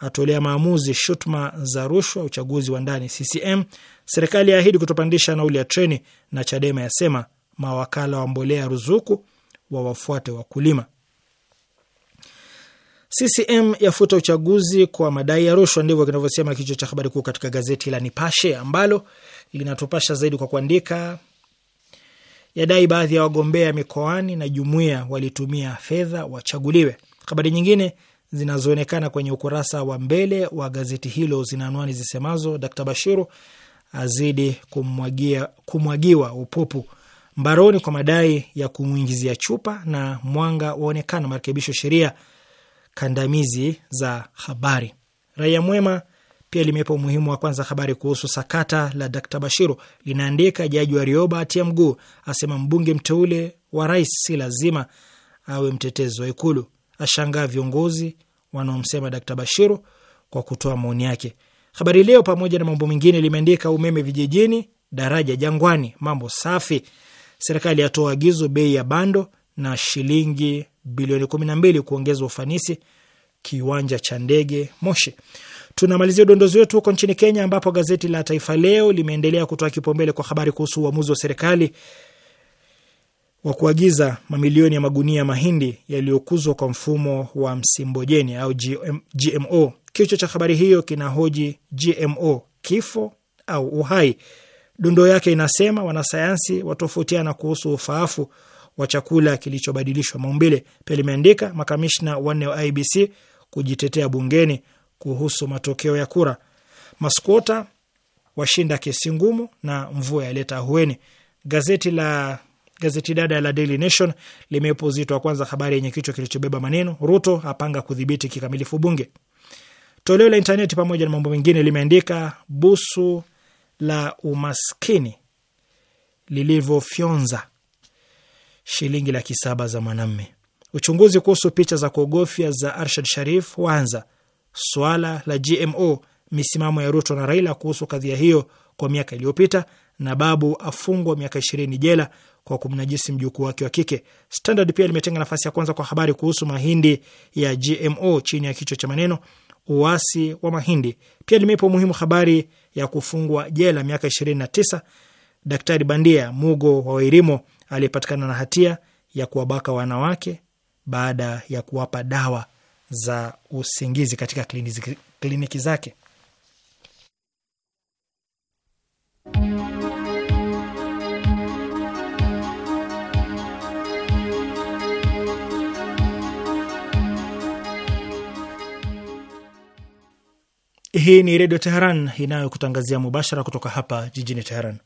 atolea maamuzi shutuma za rushwa uchaguzi wa ndani CCM, serikali yaahidi kutopandisha nauli ya treni, na Chadema yasema mawakala wa mbolea ruzuku wa wafuate wakulima. CCM yafuta uchaguzi kwa madai ya rushwa, ndivyo kinavyosema kichwa cha habari kuu katika gazeti la Nipashe ambalo linatupasha zaidi kwa kuandika yadai baadhi ya wagombea mikoani na jumuiya walitumia fedha wachaguliwe. Habari nyingine zinazoonekana kwenye ukurasa wa mbele wa gazeti hilo zina anwani zisemazo: Dkt Bashiru azidi kumwagia, kumwagiwa upupu mbaroni kwa madai ya kumwingizia chupa, na mwanga waonekana marekebisho sheria kandamizi za habari. Raia Mwema pia limepa umuhimu wa kwanza habari kuhusu sakata la Dkt Bashiru. Linaandika jaji wa rioba atia mguu, asema mbunge mteule wa rais si lazima awe mtetezi wa Ikulu, ashangaa viongozi wanaomsema Dkt Bashiru kwa kutoa maoni yake. Habari Leo pamoja na mambo mengine limeandika umeme vijijini, daraja Jangwani, mambo safi, serikali yatoa agizo bei ya bando na shilingi bilioni kumi na mbili kuongeza ufanisi kiwanja cha ndege Moshi. Tunamalizia udondozi wetu huko nchini Kenya, ambapo gazeti la Taifa Leo limeendelea kutoa kipaumbele kwa habari kuhusu uamuzi wa serikali wa kuagiza mamilioni ya magunia mahindi yaliyokuzwa kwa mfumo wa msimbojeni au GMO. Kichwa cha habari hiyo kinahoji GMO kifo au uhai. Dundo yake inasema wanasayansi watofautiana kuhusu ufaafu wa chakula kilichobadilishwa maumbile. Pia limeandika makamishna wanne wa IBC kujitetea bungeni kuhusu matokeo ya kura. Maskota washinda kesi ngumu na mvua yaleta ahueni. Gazeti la gazeti dada la Daily Nation limeipa uzito wa kwanza habari yenye kichwa kilichobeba maneno Ruto apanga kudhibiti kikamilifu bunge. Toleo la intaneti pamoja na mambo mengine limeandika busu la umaskini lilivyofyonza shilingi laki saba za mwanamme. Uchunguzi kuhusu picha za kuogofya za Arshad Sharif waanza swala la GMO, misimamo ya Ruto na Raila kuhusu kadhia hiyo kwa miaka iliyopita, na Babu afungwa miaka ishirini jela kwa kumnajisi mjukuu wake wa kike. Standard pia limetenga nafasi ya kwanza kwa habari kuhusu mahindi ya GMO chini ya kichwa cha maneno uasi wa mahindi. Pia limeipa umuhimu habari ya kufungwa jela miaka ishirini na tisa daktari bandia Mugo wa Wairimo aliyepatikana na hatia ya kuwabaka wanawake baada ya kuwapa dawa za usingizi katika kliniki, kliniki zake. Hii ni Redio Teheran inayokutangazia mubashara kutoka hapa jijini Teheran.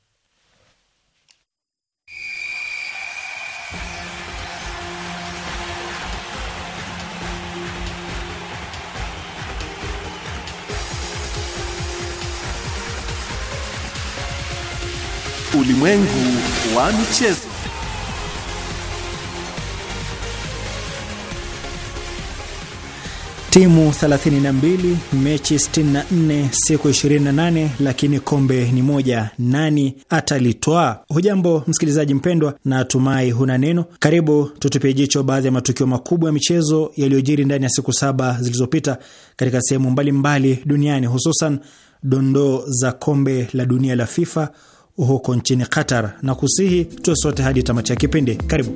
Ulimwengu wa michezo. Timu 32, mechi 64, siku 28, lakini kombe ni moja. Nani atalitwaa? Hujambo msikilizaji mpendwa, na atumai huna neno. Karibu tutupie jicho baadhi ya matukio makubwa ya michezo yaliyojiri ndani ya siku saba zilizopita katika sehemu mbalimbali duniani, hususan dondoo za kombe la dunia la FIFA huko nchini Qatar, na kusihi tuwe sote hadi tamati ya kipindi. Karibu.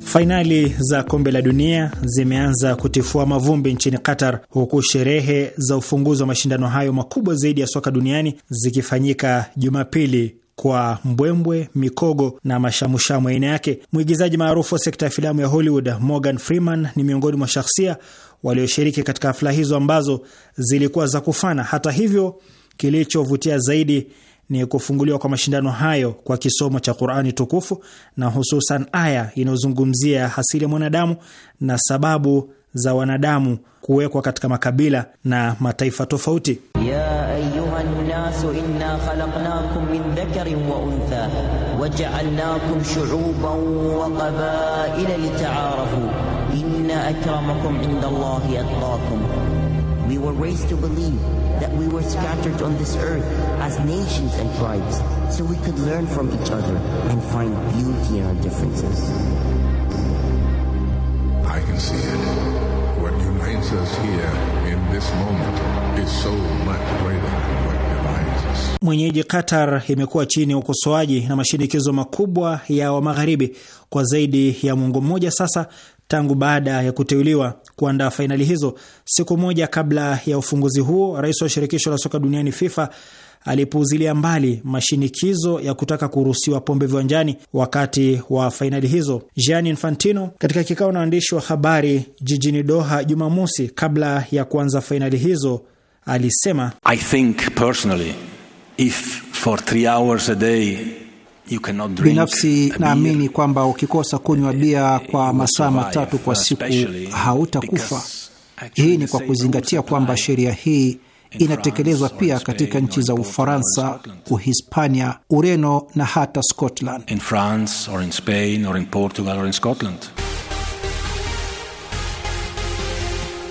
Fainali za kombe la dunia zimeanza kutifua mavumbi nchini Qatar, huku sherehe za ufunguzi wa mashindano hayo makubwa zaidi ya soka duniani zikifanyika Jumapili kwa mbwembwe, mikogo na mashamushamu aina yake. Mwigizaji maarufu wa sekta ya filamu ya Hollywood Morgan Freeman ni miongoni mwa shahsia walioshiriki katika hafla hizo ambazo zilikuwa za kufana. Hata hivyo, kilichovutia zaidi ni kufunguliwa kwa mashindano hayo kwa kisomo cha Qur'ani tukufu na hususan aya inayozungumzia hasili ya mwanadamu na sababu za wanadamu kuwekwa katika makabila na mataifa tofauti ya من ذكر وأنثى وجعلناكم شعوبا وقبائل لتعارفوا إن أكرمكم عند الله أتقاكم We were raised to believe that we were scattered on this earth as nations and tribes so we could learn from each other and find beauty in our differences. I can see it. What unites us here in this moment is so much greater. Mwenyeji Qatar imekuwa chini ya ukosoaji na mashinikizo makubwa ya wa magharibi kwa zaidi ya mwongo mmoja sasa tangu baada ya kuteuliwa kuandaa fainali hizo. Siku moja kabla ya ufunguzi huo, rais wa shirikisho la soka duniani FIFA alipuuzilia mbali mashinikizo ya kutaka kuruhusiwa pombe viwanjani wakati wa fainali hizo. Gianni Infantino, katika kikao na waandishi wa habari jijini Doha Jumamosi kabla ya kuanza fainali hizo, alisema I think personally If for three hours a day you cannot drink binafsi naamini kwamba ukikosa kunywa eh, bia kwa masaa matatu kwa uh, siku hautakufa. Hii ni kwa kuzingatia kwamba sheria hii inatekelezwa pia katika nchi za Ufaransa, Uhispania, Ureno na hata Scotland.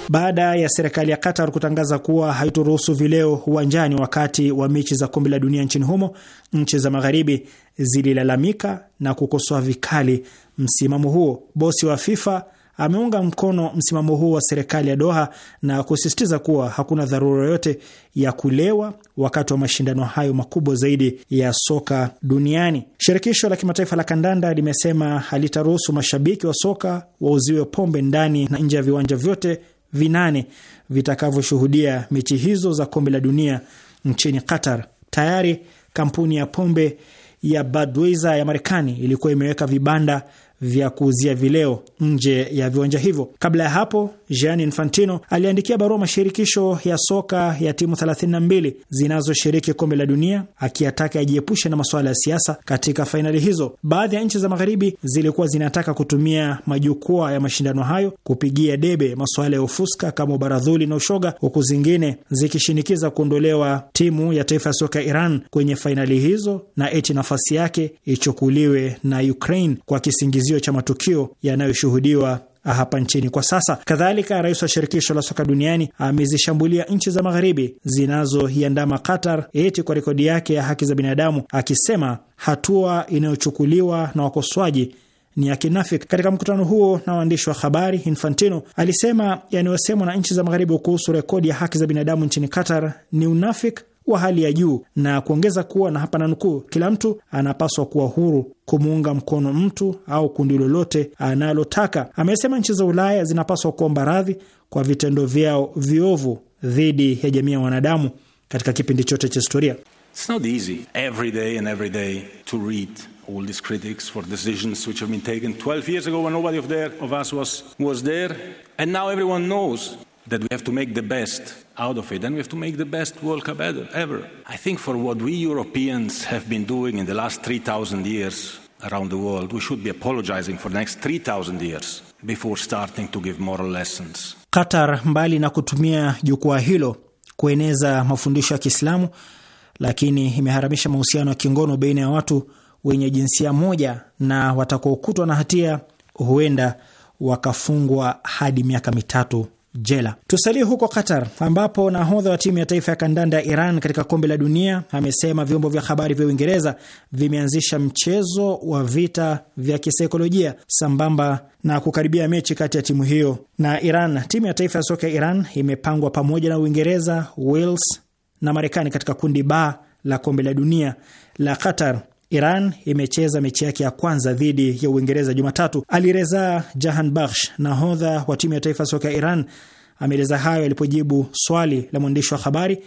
baada ya serikali ya Qatar kutangaza kuwa haitoruhusu vileo uwanjani wakati wa mechi za kombe la dunia nchini humo, nchi za magharibi zililalamika na kukosoa vikali msimamo huo. Bosi wa FIFA ameunga mkono msimamo huo wa serikali ya Doha na kusisitiza kuwa hakuna dharura yoyote ya kulewa wakati wa mashindano hayo makubwa zaidi ya soka duniani. Shirikisho la kimataifa la kandanda limesema halitaruhusu mashabiki wa soka wauziwe pombe ndani na nje ya viwanja vyote vinane vitakavyoshuhudia mechi hizo za kombe la dunia nchini Qatar. Tayari kampuni ya pombe ya Budweiser ya Marekani ilikuwa imeweka vibanda vya kuuzia vileo nje ya viwanja hivyo. Kabla ya hapo, Gianni Infantino aliandikia barua mashirikisho ya soka ya timu 32 zinazoshiriki kombe la dunia akiyataka yajiepushe na masuala ya siasa katika fainali hizo. Baadhi ya nchi za magharibi zilikuwa zinataka kutumia majukwaa ya mashindano hayo kupigia debe masuala ya ufuska kama ubaradhuli na ushoga, huku zingine zikishinikiza kuondolewa timu ya taifa ya soka ya Iran kwenye fainali hizo na eti nafasi yake ichukuliwe na Ukraine kwa kisingizio kisingizio cha matukio yanayoshuhudiwa hapa nchini kwa sasa. Kadhalika, rais wa shirikisho la soka duniani amezishambulia nchi za magharibi zinazoiandama Qatar eti kwa rekodi yake ya haki za binadamu, akisema hatua inayochukuliwa na wakosoaji ni ya Katika mkutano huo na waandishi wa habari, Infantino alisema yanayosemwa na nchi za magharibi kuhusu rekodi ya haki za binadamu nchini Qatar ni unafik wa hali ya juu na kuongeza kuwa, na hapa nanukuu, kila mtu anapaswa kuwa huru kumuunga mkono mtu au kundi lolote analotaka. Amesema nchi za Ulaya zinapaswa kuomba radhi kwa vitendo vyao viovu dhidi ya jamii ya wanadamu katika kipindi chote cha historia that we have to make the best out of it, and we have to make the best World Cup ever. I think for what we Europeans have been doing in the last 3,000 years around the world, we should be apologizing for the next 3,000 years before starting to give moral lessons. Qatar, mbali na kutumia jukwaa hilo kueneza mafundisho ya Kiislamu, lakini imeharamisha mahusiano ya kingono baina ya watu wenye jinsia moja, na watakaokutwa na hatia huenda wakafungwa hadi miaka mitatu jela. Tusalie huko Qatar, ambapo nahodha wa timu ya taifa ya kandanda ya Iran katika kombe la dunia amesema vyombo vya habari vya Uingereza vimeanzisha mchezo wa vita vya kisaikolojia sambamba na kukaribia mechi kati ya timu hiyo na Iran. Timu ya taifa ya soka ya Iran imepangwa pamoja na Uingereza, Wales na Marekani katika kundi ba la kombe la dunia la Qatar Iran imecheza mechi yake ya kwanza dhidi ya Uingereza Jumatatu. Alireza Jahanbakhsh, nahodha wa timu ya taifa soka ya Iran, ameeleza hayo alipojibu swali la mwandishi wa habari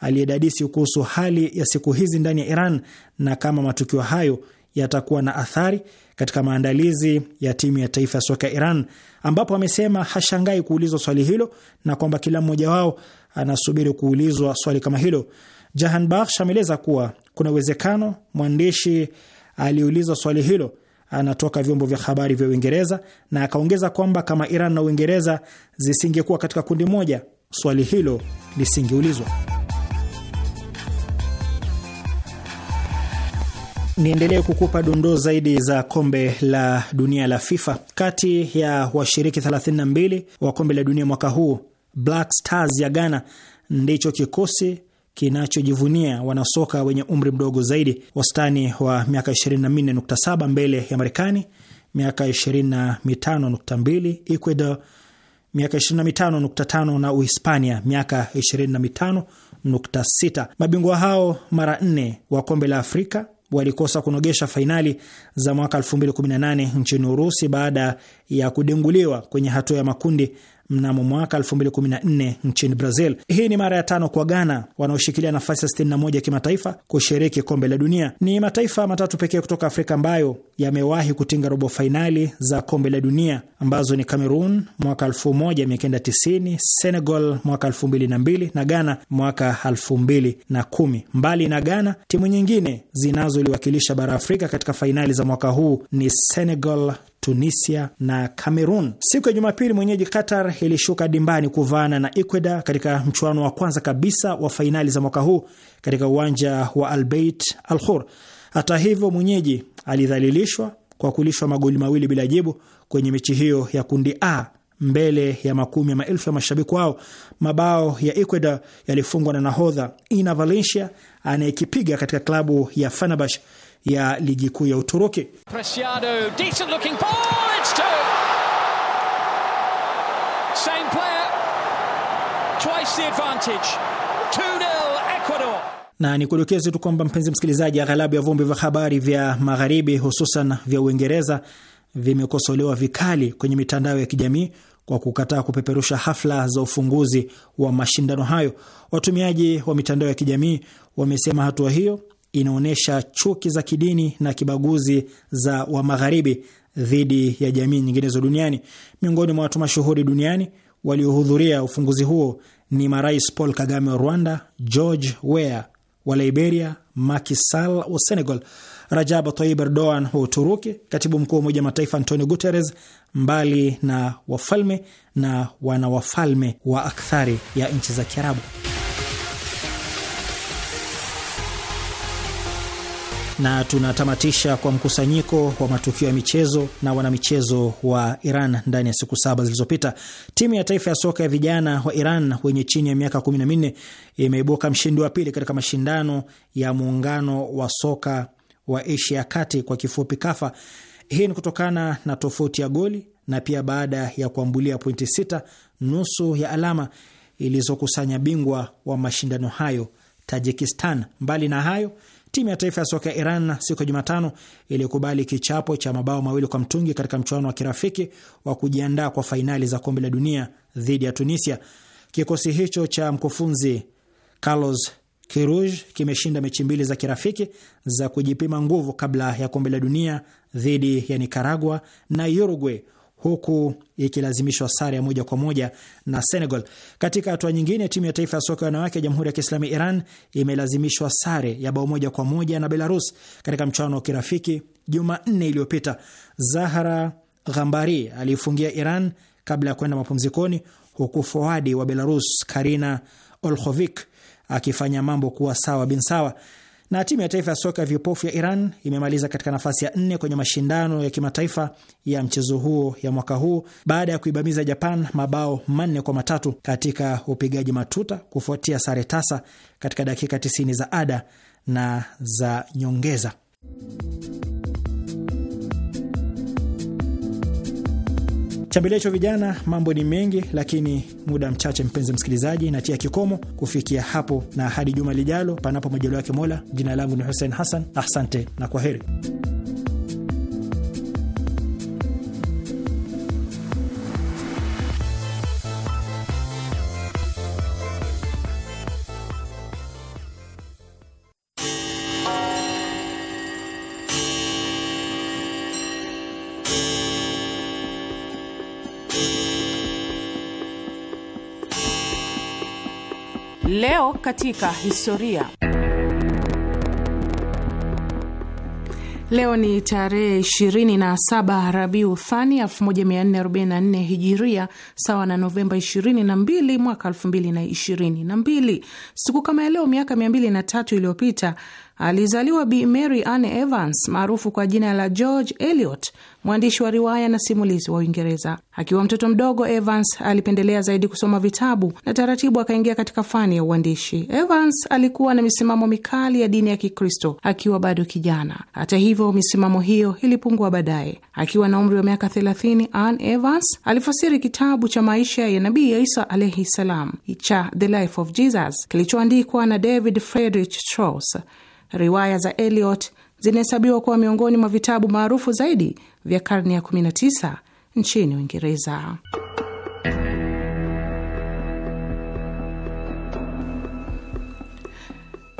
aliyedadisi kuhusu hali ya siku hizi ndani ya Iran na kama matukio hayo yatakuwa na athari katika maandalizi ya timu ya taifa ya soka ya Iran, ambapo amesema hashangai kuulizwa swali hilo na kwamba kila mmoja wao anasubiri kuulizwa swali kama hilo. Jahanbakhsh ameeleza kuwa kuna uwezekano mwandishi aliulizwa swali hilo anatoka vyombo vya habari vya Uingereza na akaongeza kwamba kama Iran na Uingereza zisingekuwa katika kundi moja, swali hilo lisingeulizwa. Niendelee kukupa dondoo zaidi za kombe la dunia la FIFA. Kati ya washiriki 32 wa kombe la dunia mwaka huu, Black Stars ya Ghana ndicho kikosi kinachojivunia wanasoka wenye umri mdogo zaidi, wastani wa miaka 24.7 mbele ya Marekani, miaka 25.2 Ecuador, miaka 25.5 na Uhispania miaka 25.6. Mabingwa hao mara nne wa kombe la Afrika walikosa kunogesha fainali za mwaka 2018 nchini Urusi baada ya kudenguliwa kwenye hatua ya makundi mnamo mwaka 2014 nchini Brazil. Hii ni mara ya tano kwa Ghana wanaoshikilia nafasi ya 61 ya kimataifa kushiriki kombe la dunia. Ni mataifa matatu pekee kutoka Afrika ambayo yamewahi kutinga robo fainali za kombe la dunia ambazo ni Cameroon mwaka 1990, Senegal mwaka 2002 na Ghana mwaka 2010. Mbali na Ghana, timu nyingine zinazoliwakilisha bara Afrika katika fainali za mwaka huu ni Senegal, Tunisia na Cameroon. Siku ya Jumapili, mwenyeji Qatar ilishuka dimbani kuvaana na Ecuador katika mchuano wa kwanza kabisa wa fainali za mwaka huu katika uwanja wa Albeit Al Khor. Hata hivyo, mwenyeji alidhalilishwa kwa kulishwa magoli mawili bila jibu kwenye mechi hiyo ya kundi A mbele ya makumi ya maelfu ya mashabiki wao. Mabao ya Ecuador yalifungwa na nahodha Ina Valencia anayekipiga katika klabu ya Fenerbahce ya ligi kuu ya Uturuki. Na ni kudokeze tu kwamba mpenzi msikilizaji, aghalabu ya vumbi vya habari vya magharibi hususan vya Uingereza vimekosolewa vikali kwenye mitandao ya kijamii kwa kukataa kupeperusha hafla za ufunguzi wa mashindano hayo. Watumiaji wa mitandao ya kijamii wamesema hatua hiyo inaonyesha chuki za kidini na kibaguzi za wa magharibi dhidi ya jamii nyinginezo duniani. Miongoni mwa watu mashuhuri duniani waliohudhuria ufunguzi huo ni marais Paul Kagame wa Rwanda, George Weah wa Liberia, Macky Sall wa Senegal, Rajab Tayyip Erdogan wa Uturuki, katibu mkuu wa Umoja Mataifa Antonio Guterres, mbali na wafalme na wanawafalme wa akthari ya nchi za Kiarabu. na tunatamatisha kwa mkusanyiko wa matukio ya michezo na wanamichezo wa Iran ndani ya siku saba zilizopita. Timu ya taifa ya soka ya vijana wa Iran wenye chini ya miaka minne imeibuka mshindi wa pili katika mashindano ya muungano wa soka wa Asia ya kati kwa kifupi KAFA. Hii ni kutokana na tofauti ya goli na pia baada ya kuambulia pointi sita, nusu ya alama ilizokusanya bingwa wa mashindano hayo Tajikistan. Mbali na hayo Timu ya taifa ya soka ya Iran siku ya Jumatano ilikubali kichapo cha mabao mawili kwa mtungi katika mchuano wa kirafiki wa kujiandaa kwa fainali za kombe la dunia dhidi ya Tunisia. Kikosi hicho cha mkufunzi Carlos Kiruj kimeshinda mechi mbili za kirafiki za kujipima nguvu kabla ya kombe la dunia dhidi ya nikaragua na Uruguay huku ikilazimishwa sare ya moja kwa moja na Senegal. Katika hatua nyingine, timu ya taifa ya soka ya wanawake ya Jamhuri ya kiislami Iran imelazimishwa sare ya bao moja kwa moja na Belarus katika mchuano wa kirafiki Jumanne iliyopita. Zahara Ghambari aliifungia Iran kabla ya kwenda mapumzikoni, huku foadi wa Belarus Karina Olkhovik akifanya mambo kuwa sawa bin sawa. Na timu ya taifa ya soka ya vipofu ya Iran imemaliza katika nafasi ya nne kwenye mashindano ya kimataifa ya mchezo huo ya mwaka huu baada ya kuibamiza Japan mabao manne kwa matatu katika upigaji matuta kufuatia sare tasa katika dakika 90 za ada na za nyongeza. hicho vijana, mambo ni mengi, lakini muda mchache, mpenzi msikilizaji, natia kikomo kufikia hapo, na hadi juma lijalo, panapo majaliwa yake Mola. Jina langu ni Hussein Hassan, asante na kwa heri. katika historia. Leo ni tarehe 27 Rabiu Thani 1444 Hijiria, sawa na Novemba 22 mwaka 2022. Siku kama ya leo miaka 203 iliyopita alizaliwa Bi Mary Ann Evans maarufu kwa jina la George Eliot, mwandishi wa riwaya na simulizi wa Uingereza. Akiwa mtoto mdogo, Evans alipendelea zaidi kusoma vitabu na taratibu akaingia katika fani ya uandishi. Evans alikuwa na misimamo mikali ya dini ya Kikristo akiwa bado kijana. Hata hivyo, misimamo hiyo ilipungua baadaye. Akiwa na umri wa miaka 30, Anne Evans alifasiri kitabu cha maisha ya Nabii ya Isa alaihi salam cha The Life of Jesus kilichoandikwa na David Friedrich Strauss. Riwaya za Eliot zinahesabiwa kuwa miongoni mwa vitabu maarufu zaidi vya karne ya 19 nchini Uingereza.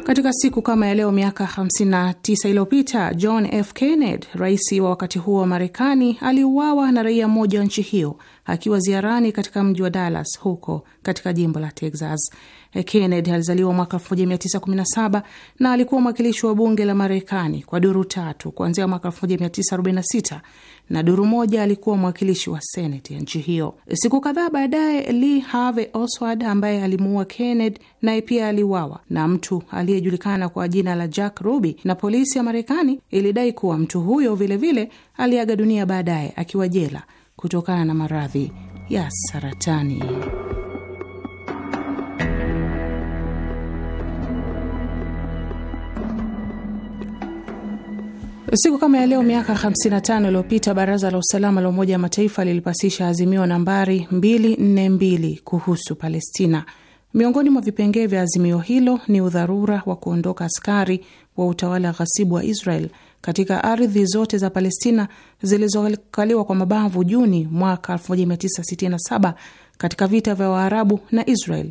Katika siku kama ya leo miaka 59 iliyopita John F. Kennedy, rais wa wakati huo wa Marekani, aliuawa na raia mmoja wa nchi hiyo akiwa ziarani katika mji wa Dallas huko katika jimbo la Texas. Kennedy alizaliwa mwaka 1917 na alikuwa mwakilishi wa bunge la Marekani kwa duru tatu kuanzia mwaka 1946 na duru moja alikuwa mwakilishi wa seneti ya nchi hiyo. Siku kadhaa baadaye, Lee Harvey Oswald ambaye alimuua Kennedy naye pia aliwawa na mtu aliyejulikana kwa jina la Jack Ruby, na polisi ya Marekani ilidai kuwa mtu huyo vilevile vile aliaga dunia baadaye akiwa jela kutokana na maradhi ya saratani. Siku kama ya leo miaka 55 iliyopita baraza la usalama la Umoja wa Mataifa lilipasisha azimio nambari 242 kuhusu Palestina. Miongoni mwa vipengee vya azimio hilo ni udharura wa kuondoka askari wa utawala ghasibu wa Israel katika ardhi zote za Palestina zilizokaliwa kwa mabavu Juni mwaka 1967 katika vita vya Waarabu na Israel,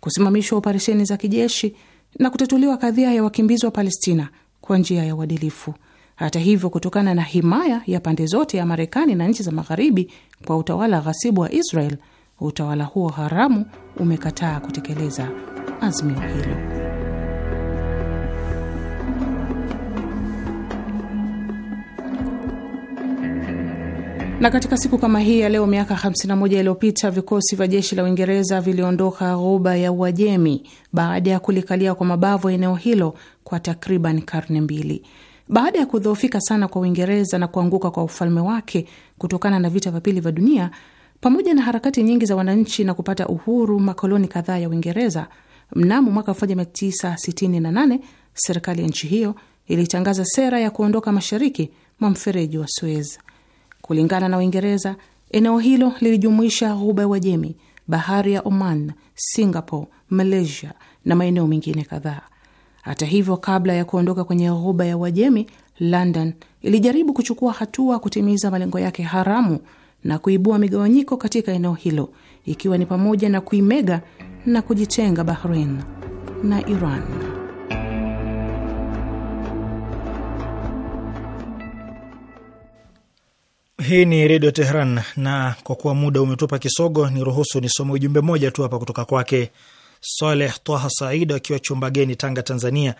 kusimamishwa operesheni za kijeshi na kutatuliwa kadhia ya wakimbizi wa Palestina kwa njia ya uadilifu. Hata hivyo, kutokana na himaya ya pande zote ya Marekani na nchi za Magharibi kwa utawala ghasibu wa Israel, utawala huo haramu umekataa kutekeleza azimio hilo. na katika siku kama hii ya leo miaka 51 iliyopita vikosi vya jeshi la Uingereza viliondoka ghuba ya Uajemi baada ya kulikalia kwa mabavu eneo hilo kwa takriban karne mbili. Baada ya kudhoofika sana kwa Uingereza na kuanguka kwa ufalme wake kutokana na vita vya pili vya dunia, pamoja na harakati nyingi za wananchi na kupata uhuru makoloni kadhaa ya Uingereza, mnamo mwaka 1968 serikali ya nchi hiyo ilitangaza sera ya kuondoka mashariki mwa mfereji wa Suez. Kulingana na Uingereza, eneo hilo lilijumuisha ghuba ya Uajemi, bahari ya Oman, Singapore, Malaysia na maeneo mengine kadhaa. Hata hivyo, kabla ya kuondoka kwenye ghuba ya Uajemi, London ilijaribu kuchukua hatua kutimiza malengo yake haramu na kuibua migawanyiko katika eneo hilo, ikiwa ni pamoja na kuimega na kujitenga Bahrain na Iran. Hii ni Redio Teheran, na kwa kuwa muda umetupa kisogo, ni ruhusu nisome ujumbe moja tu hapa kutoka kwake Saleh Twaha Said akiwa chumba geni Tanga, Tanzania,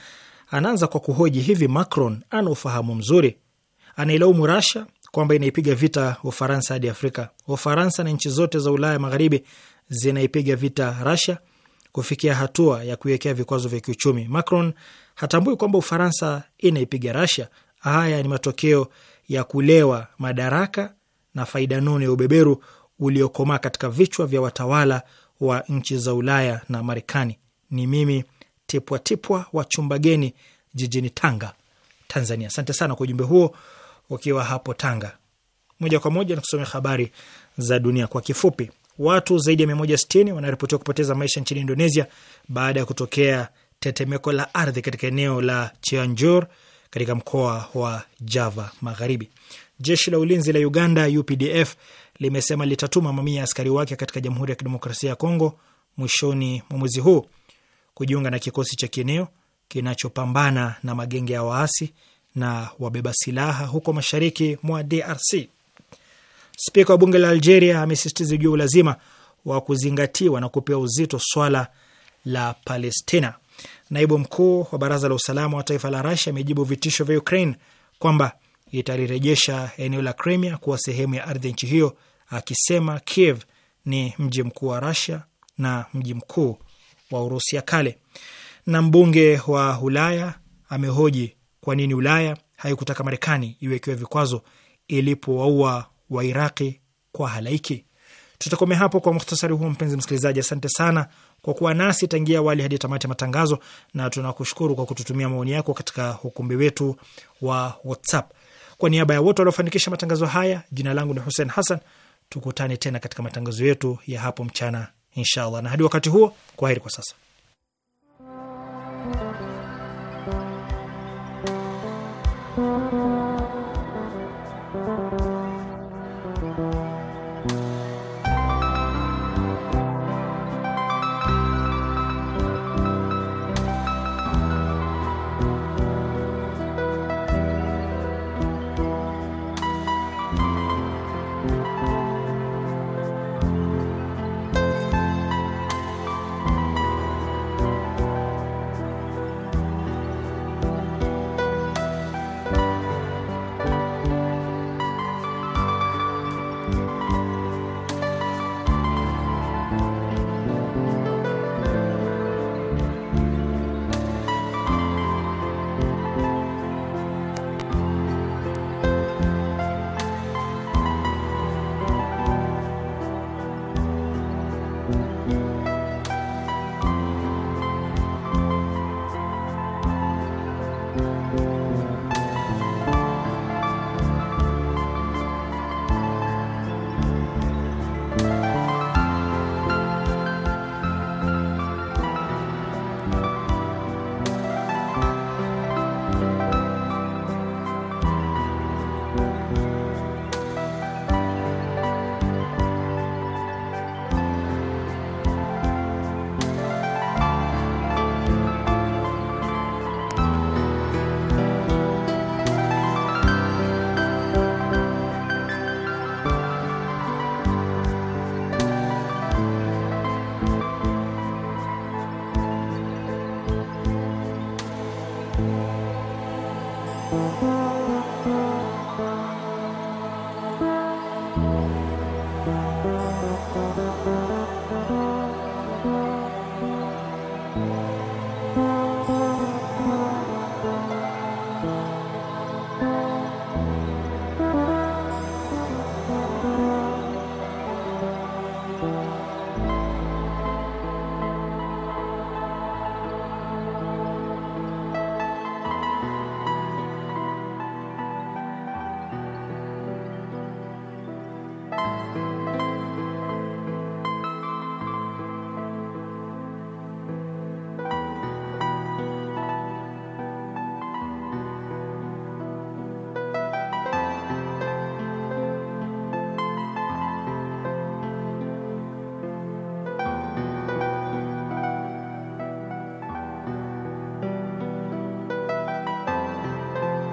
anaanza kwa kuhoji hivi Macron ana ufahamu mzuri? Anailaumu Rasha kwamba inaipiga vita Ufaransa hadi Afrika. Ufaransa na nchi zote za Ulaya Magharibi zinaipiga vita Rasha kufikia hatua ya kuiwekea vikwazo vya kiuchumi. Macron hatambui kwamba Ufaransa inaipiga Rasha. Haya ni matokeo ya kulewa madaraka na faida nono ya ubeberu uliokomaa katika vichwa vya watawala wa nchi za Ulaya na Marekani. Ni mimi Tipwa Tipwa wa Chumbageni jijini Tanga, Tanzania. Asante sana kwa ujumbe huo ukiwa hapo Tanga. Moja kwa moja nikusomea habari za dunia kwa kifupi. Watu zaidi ya 160 wanaripotiwa kupoteza maisha nchini Indonesia baada ya kutokea tetemeko la ardhi katika eneo la Cianjur katika mkoa wa Java Magharibi. Jeshi la ulinzi la Uganda UPDF limesema litatuma mamia ya askari wake katika Jamhuri ya Kidemokrasia ya Kongo mwishoni mwa mwezi huu kujiunga na kikosi cha kieneo kinachopambana na magenge ya waasi na wabeba silaha huko mashariki mwa DRC. Spika wa bunge la Algeria amesisitiza juu ulazima wa kuzingatiwa na kupewa uzito swala la Palestina. Naibu mkuu wa baraza la usalama wa taifa la Rasia amejibu vitisho vya Ukraine kwamba italirejesha eneo la Crimea kuwa sehemu ya ardhi ya nchi hiyo akisema Kiev ni mji mkuu wa Rasia na mji mkuu wa Urusi ya kale. Na mbunge wa Ulaya amehoji kwa nini Ulaya haikutaka Marekani iwekewe vikwazo ilipowaua Wairaqi kwa halaiki. Tutakomea hapo kwa muhtasari huo, mpenzi msikilizaji. Asante sana kwa kuwa nasi tangia awali hadi tamati ya matangazo, na tunakushukuru kwa kututumia maoni yako katika ukumbi wetu wa WhatsApp. Kwa niaba ya wote waliofanikisha matangazo haya, jina langu ni Hussein Hassan tukutane tena katika matangazo yetu ya hapo mchana inshallah, na hadi wakati huo, kwaheri kwa sasa.